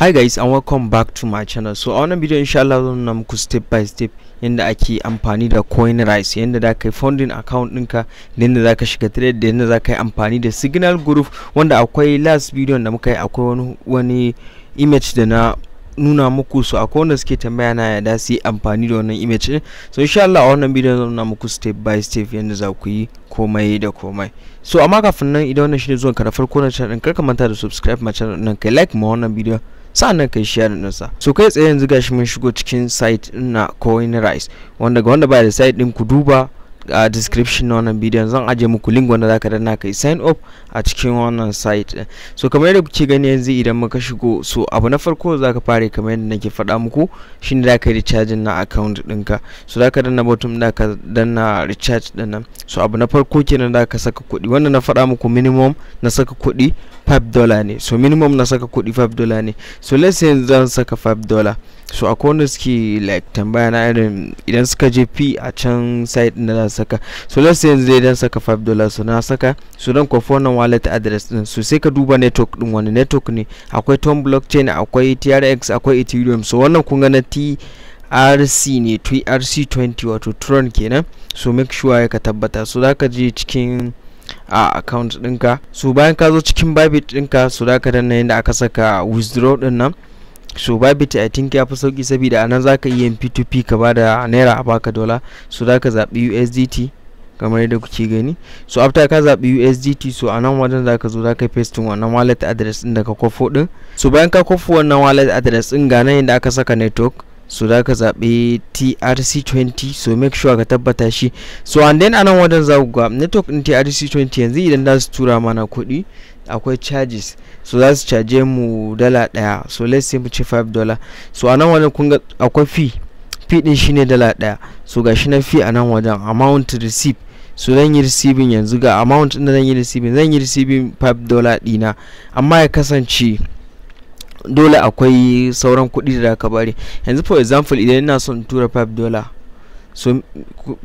hi guys and welcome back to my channel so a wannan video insha zan nuna muku step by step yanda ake amfani da coin rice yadda za ka yi funding account ɗinka da yadda za ka shiga trade da yanda za ka yi amfani da signal group wanda akwai last video da muka yi akwai wani image da na nuna muku su a wanda suke tambaya na yada su yi amfani da wannan image so insha Allah a wannan bidiyon zan nuna muku step by step yadda za ku yi komai da komai so amma kafin nan idan wannan shine zuwan ka farko na channel ɗin kar ka manta da subscribe ma channel nan kai like ma wannan sa sa'annan kai share din sa so kai tsaye yanzu gashi mun shigo cikin site din na CoinRise wanda ga wanda ba da site din ku duba a description na wannan bidiyon zan aje muku link wanda zaka danna kai sign up a cikin wannan site so kamar yadda kuke gani yanzu idan muka shigo so abu na farko zaka fara kamar yadda nake faɗa muku shine zaka yi recharge na account ɗinka so zaka danna bottom zaka danna recharge din nan so abu na farko kenan zaka saka kuɗi wanda na faɗa muku minimum na saka kuɗi 5 dollar ne so minimum na saka kuɗi 5 dollar ne so let's say zan saka 5 dollar so a wanda suke like tambaya na irin idan suka je fi a can site din da za saka so let's say yanzu dai dan saka 5 dollars so na saka so dan kwafi wannan wallet address din so sai ka duba network din wani network ne akwai tom blockchain akwai trx akwai ethereum so wannan kunga na t rc ne trc20 wato tron kenan so make sure ka tabbata so za ka je cikin a account dinka so bayan ka zo cikin babit dinka so za ka danna yadda aka saka withdraw din nan so babita i think ya fi sauki saboda a nan zaka iya p2p ka bada naira a baka dola so zaka zaɓi usdt kamar yadda kuke gani so after ka zaɓi usdt so a nan wajen zaka zo zaka paste wannan wallet address din daga kwafo kofo din so bayan ka kofo wannan wallet address din ga nan inda aka saka network so zaka ka zaɓi trc20 so make sure ka tabbata shi so and then anan wajen za ku ga network din trc20 yanzu idan za su tura mana kuɗi akwai charges so za su charge mu dala daya so let's say mu ce 5 dollar so a nan wajen kun ga akwai fee fee din shine dala daya so gashi na fee a nan wajen amount receipt so zan yi receiving yanzu ga amount din zan yi receiving zan yi receiving 5 dollar dina amma ya kasance dole akwai sauran kuɗi da aka bari yanzu for example idan ina son tura 5 dollar so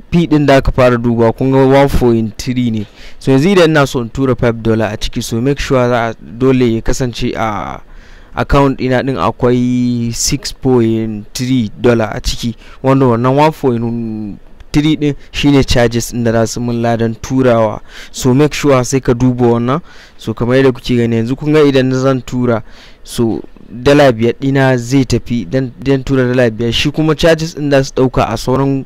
p din da aka fara duba kun ga 1.3 ne so yanzu idan ina son tura 5 dollar a ciki so make sure za dole ya kasance a account ina din akwai 6.3 dollar a ciki wanda wannan 1.3 din shine charges din da za su mun ladan turawa so make sure sai ka duba wannan so kamar yadda kuke gani yanzu kun ga idan zan tura so dala biyar dina zai tafi don tura dala biyar shi kuma charges din da su dauka a sauran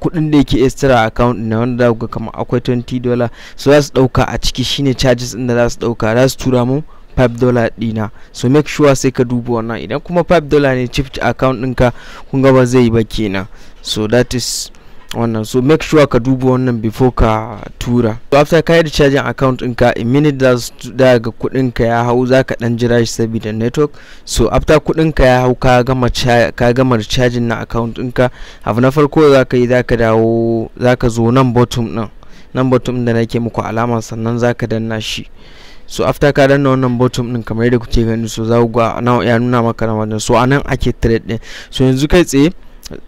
kudin da yake extra account na wanda za ga kamar akwai 20 dollar so za su dauka a ciki shine charges din da za su dauka za su tura mu 5 dollar dina so make sure sai ka duba wannan idan kuma 5 dollar ne chip account ɗinka kun ga ba zai yi ba kenan so that is wannan so make sure ka duba wannan before ka tura so after ka yi da charging account in in minute da daga kudin ka ya hau zaka dan jira shi saboda network so after kudin ka ya hau ka gama ka gama na account ka abu na farko zaka yi zaka dawo zaka zo nan bottom ɗin nan bottom da nake muku alama sannan zaka danna shi so after ka danna wannan bottom din kamar yadda kuke gani so za ku ga ya nuna maka na wannan so anan ake trade din so yanzu kai tsaye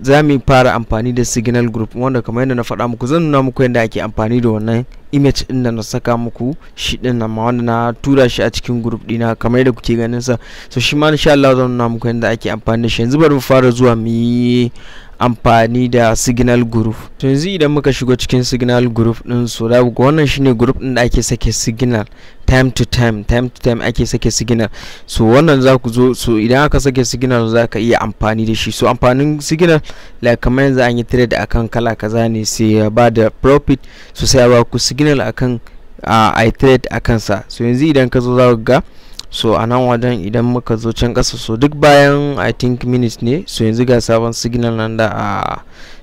za mu fara amfani da signal group wanda kamar yadda na faɗa muku zan nuna muku yadda ake amfani da wannan image din da na saka muku shi din nan ma wanda na tura shi a cikin group dina kamar yadda kuke ganin sa so shi ma insha Allah zan nuna muku yadda ake amfani da shi yanzu bari mu fara zuwa mu amfani da signal group to yanzu idan muka shigo cikin signal group din so da wannan shine group din da ake sake signal time to time time to time ake sake signal so wannan za ku zo so idan aka sake signal za ka iya amfani da shi so amfanin signal like kamar yanzu an yi trade akan kala kaza ne sai ya ba da profit so sai ya ba ku signal akan a trade akan sa so yanzu idan ka zo za ku ga so a nan wajen idan muka zo can ƙasa so duk bayan i think minutes ne so yanzu ga sabon signal nan da a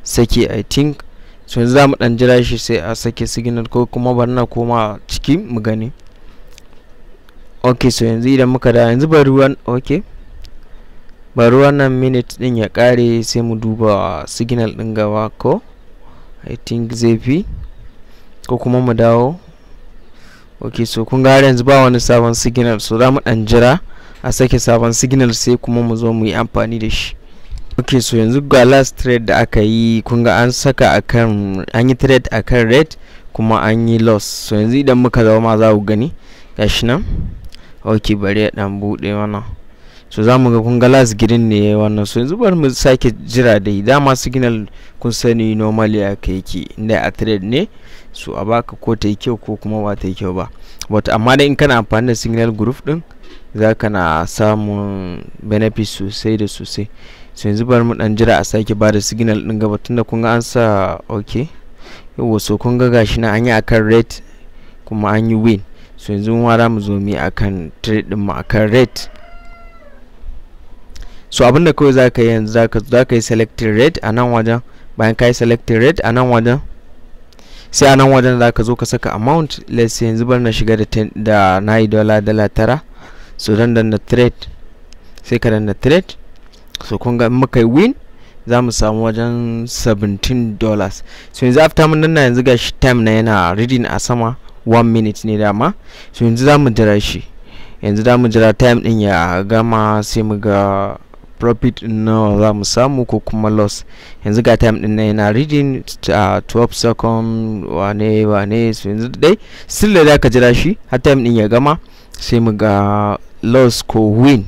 sake i think so yanzu za mu ɗan jira shi sai a sake signal ko kuma bari na koma ciki mu gani ok so yanzu idan muka da yanzu bari ruwan ok bari wannan minute din ya kare sai mu duba signal din gaba ko i think zai fi ko kuma mu dawo ok so kun ga yanzu ba wani sabon signal so za mu dan jira a sake sabon signal sai kuma mu zo mu yi amfani da shi ok so yanzu ga last trade da aka yi kun ga an saka akan an yi trade akan red kuma an yi loss so yanzu idan muka zama ma za ku gani gashi nan ok bari ya dan bude wannan so za mu ga kun ga last green ne ya wannan so yanzu bari mu sake jira dai dama signal kun sani normally aka yake inda a trade ne su a baka ko ta yi kyau ko kuma ba ta yi kyau ba bata amma dai in kana amfani da signal group din za ka na samun benefit sosai da sosai so yanzu bari mu dan jira a sake ba da signal din gaba tunda kun ga an sa ok yawa so kun ga gashi na an yi akan rate kuma an yi win so yanzu mun wara mu zo mu akan trade din mu akan rate so abinda kawai za ka yi yanzu za ka yi selected rate a nan wajen bayan ka yi selected rate a nan wajen sai a nan wajen za ka zo ka saka amount let's say yanzu bar na shiga da da na yi dala dala tara so dan na trade sai ka na trade so kun ga muka yi win za mu samu wajen 17 dollars so yanzu after mun danna yanzu gashi time na yana reading a sama 1 minute ne dama so yanzu za mu jira shi yanzu za mu jira time din ya gama sai mu ga profit nawa za mu samu ko kuma loss yanzu ga time din nan yana reading a 12 second wane wane yanzu dai still da ka jira shi har time din ya gama sai mu ga loss ko win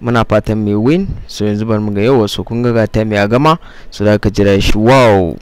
muna fatan mai win so yanzu bar mu ga yau so kun ga time ya gama so da ka jira shi wow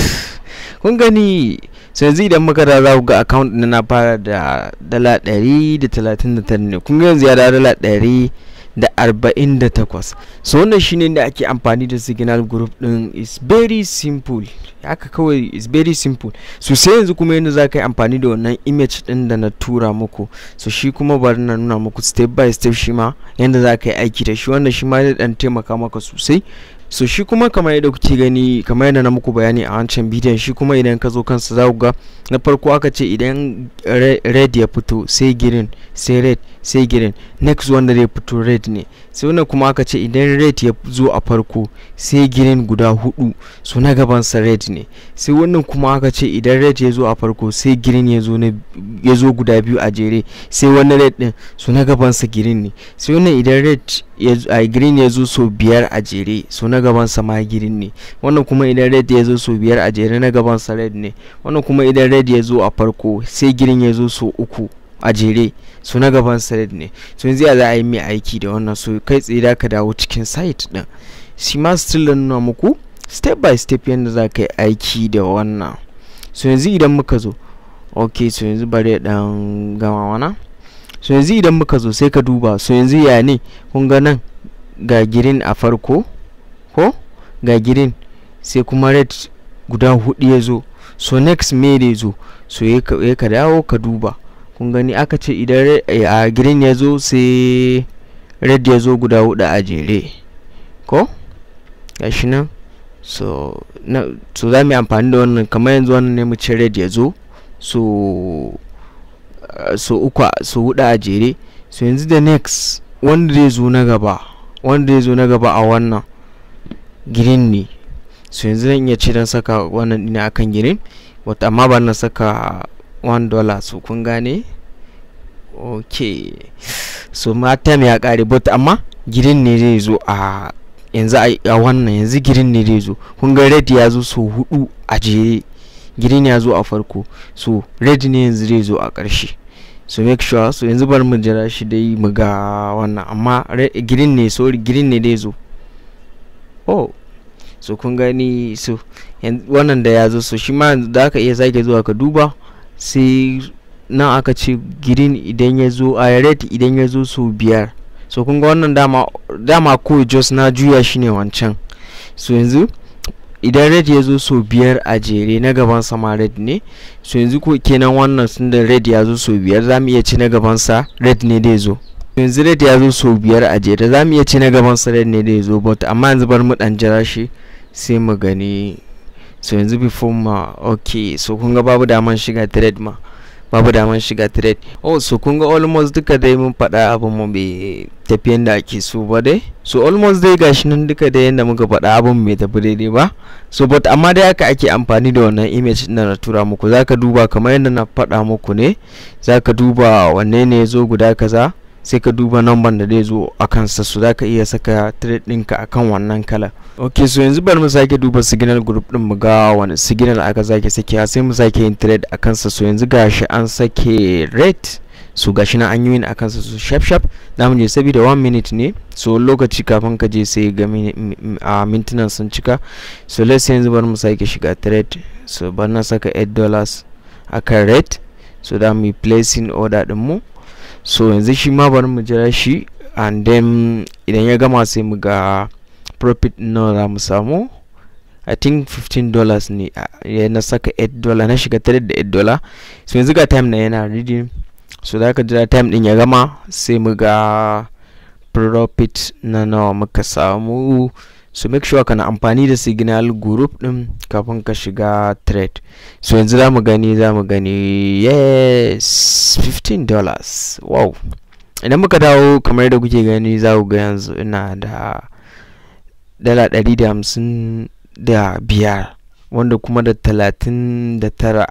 kun gani so yanzu idan muka da za ku ga account na na fara da dala 139 ne kun ga yanzu ya da dala 100 da arba'in 48 so wannan shine da ake amfani da signal group din is very simple haka kawai is very simple so sai yanzu kuma yadda za ka yi amfani da wannan image din da na tura muku so shi kuma bari na nuna muku step by step shi ma yadda za ka yi aiki da shi wannan shi ma zai dan taimaka maka sosai so shi kuma kamar yadda kuke gani kamar yadda na muku bayani a wancan bidiyon shi kuma idan ka zo kansa za ga na farko aka ce idan red ya fito sai green sai red sai green next wanda zai fito red ne sai wannan kuma aka ce idan red ya zo a farko sai girin guda hudu so na gabansa red ne sai wannan kuma aka ce idan red ya zo a farko sai girin ya zo na ya zo guda biyu a jere sai wani red din su na gabansa green ne sai wannan idan red a green ya zo so biyar a jere su na gabansa ma green ne wannan kuma idan red ya zo so biyar a jere na gabansa red ne wannan kuma idan red ya zo a farko sai green ya zo so uku a jere su na gaban red ne so yanzu ya za a yi mai aiki da wannan so kai tsaye da ka dawo cikin site din shi ma still nuna muku step by step yadda za ka yi aiki da wannan so yanzu idan muka zo ok so yanzu bari dan gama wana so yanzu idan muka zo sai ka duba so yanzu ya ne kun ga nan ga girin a farko ko ga girin sai kuma red guda hudu ya zo so next me ne zo so ya ka dawo ka duba kun gani aka ce idan eh, a girin ya zo sai red ya zo guda hudu a jere ko gashi nan so za mu yi amfani da wannan kamar yanzu wannan ne mu ce red ya zo so so uku so hudu a jere so yanzu da next wanda zai zo na gaba wanda zai zo na gaba a wannan girin ne so yanzu zan iya ce don saka wannan dina akan girin wata amma ba na saka 1 dollar so kun gane ok so ma time ya kare but amma girin ne zai zo a yanzu a wannan yanzu girin ne zai zo kun ga red ya zo so hudu a jere green ya zo a farko so red ne yanzu zai zo a ƙarshe so make sure so yanzu bar mu jira shi dai mu ga wannan amma green ne sorry green ne dai zo oh so kun gani so wannan da ya zo so shi ma da aka iya sake zuwa ka duba sai nan aka ce green idan ya zo a red idan ya zo so biyar so kun ga wannan dama dama ko just na juya shi ne wancan so yanzu idan red ya zo sau biyar a jere na gaban sama red ne so yanzu ko kenan wannan sun da red ya zo sau biyar za mu iya ci na gaban sa red ne dai zo yanzu red ya zo sau biyar a jere za mu iya ci na gaban sa red ne dai zo but amma yanzu bar mu dan jira shi sai mu gani so yanzu before ma ok so kun ga babu daman shiga red ma babu damar shiga trade oh so kun ga almost duka dai mun faɗa abin mu bai tafi yadda ake so ba dai so almost dai gashi nan duka dai yadda muka faɗa abin bai tafi daidai ba so but amma dai haka ake amfani da wannan image na na tura muku zaka duba kamar yadda na faɗa muku ne zaka duba wanne ne ya zo guda kaza sai ka duba namban da zai zo a kansa su za ka iya saka trade ɗinka a kan wannan kala ok so yanzu bari mu sake duba signal group ɗin mu ga wani signal aka sake a sai mu sake yin trade a kansa so yanzu gashi an sake rate su gashi na an yi a kansa su shaf shaf da mu je saboda 1 minute ne so lokaci kafin ka je sai ga a mintunan sun cika so let's yanzu bari mu sake shiga trade so bari na saka 8 dollars a kan rate so da mu yi placing order din mu so yanzu shi ma bari mu jira shi and then idan ya gama sai mu ga profit nawa za mu samu i think 15 dollars ne ya na saka 8 dollars na shiga 3 da 8 dollars so yanzu ga time na yana reading so da ka jira time din ya gama sai mu ga profit na nawa muka samu so make sure kana amfani da signal group din kafin ka shiga trade so yanzu zamu gani zamu gani yes 15 dollars wow idan muka dawo kamar yadda kuke gani za ku ga yanzu ina da dala ɗari da biyar wanda kuma da $39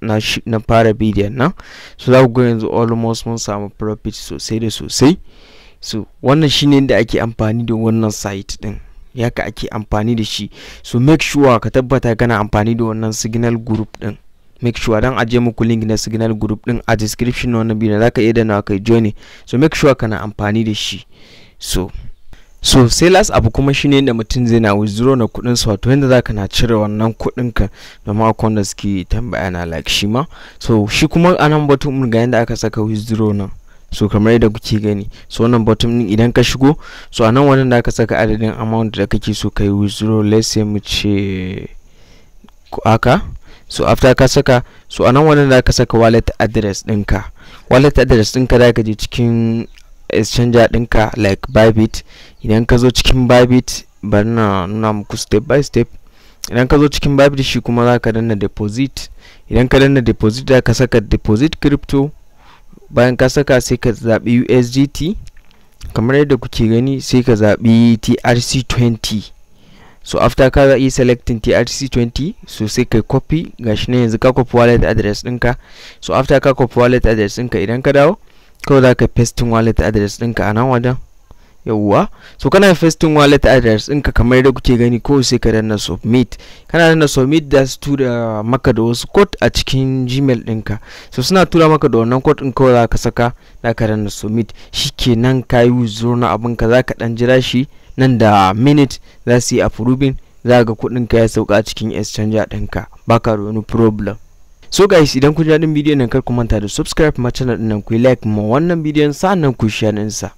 na, na fara bidiyon nan so za ku ga yanzu almost mun samu profit sosai da sosai so wannan shine da ake amfani da wannan site din yaka ake amfani da shi so make sure ka tabbata kana amfani da wannan signal group din make sure dan aje muku link na signal group din a description na wannan za ka iya nawa kai join so make sure kana amfani da shi so so sai last abu kuma shine da mutum zai na withdraw na kudin sa wato yadda zaka na cire wannan kuɗin ka domin da wanda suke tambaya na like shi so shi kuma nan batun ga yadda aka saka withdraw na so kamar yadda kuke gani so wannan bottom din idan ka shigo so a nan wannan da aka saka adadin amount da kake so kai withdraw let's say mu ce haka so after ka saka so a nan wannan da aka saka wallet address dinka wallet address dinka da ka je cikin exchanger dinka like bybit idan ka zo cikin bybit bari na nuna muku step by step idan ka zo cikin bybit shi kuma za ka danna deposit idan ka danna deposit da ka saka deposit crypto bayan ka saka sai ka zaɓi usdt kamar yadda kuke gani sai ka zaɓi trc20 so after ka yi selecting trc20 so sai kai copy gashi na yanzu ka copy wallet address ɗinka so after ka copy wallet address ɗinka idan ka dawo kawai za ka pasting wallet address ɗinka a nan wajen yawwa so kana pasting wallet address ɗinka kamar da kuke gani ko sai ka danna submit kana danna submit da su tura maka da wasu code a cikin gmail ɗinka so suna tura maka da wannan code ɗin kawai za ka saka za ka danna submit shikenan ka yi withdraw na ka za ka ɗan jira shi nan da minute za su yi approving za ga kuɗin ka ya sauka a cikin exchanger ɗinka baka da wani problem so guys idan kun ji daɗin bidiyon nan kar ku manta da subscribe ma channel ɗin nan ku like ma wannan bidiyon sa'an nan ku share ɗinsa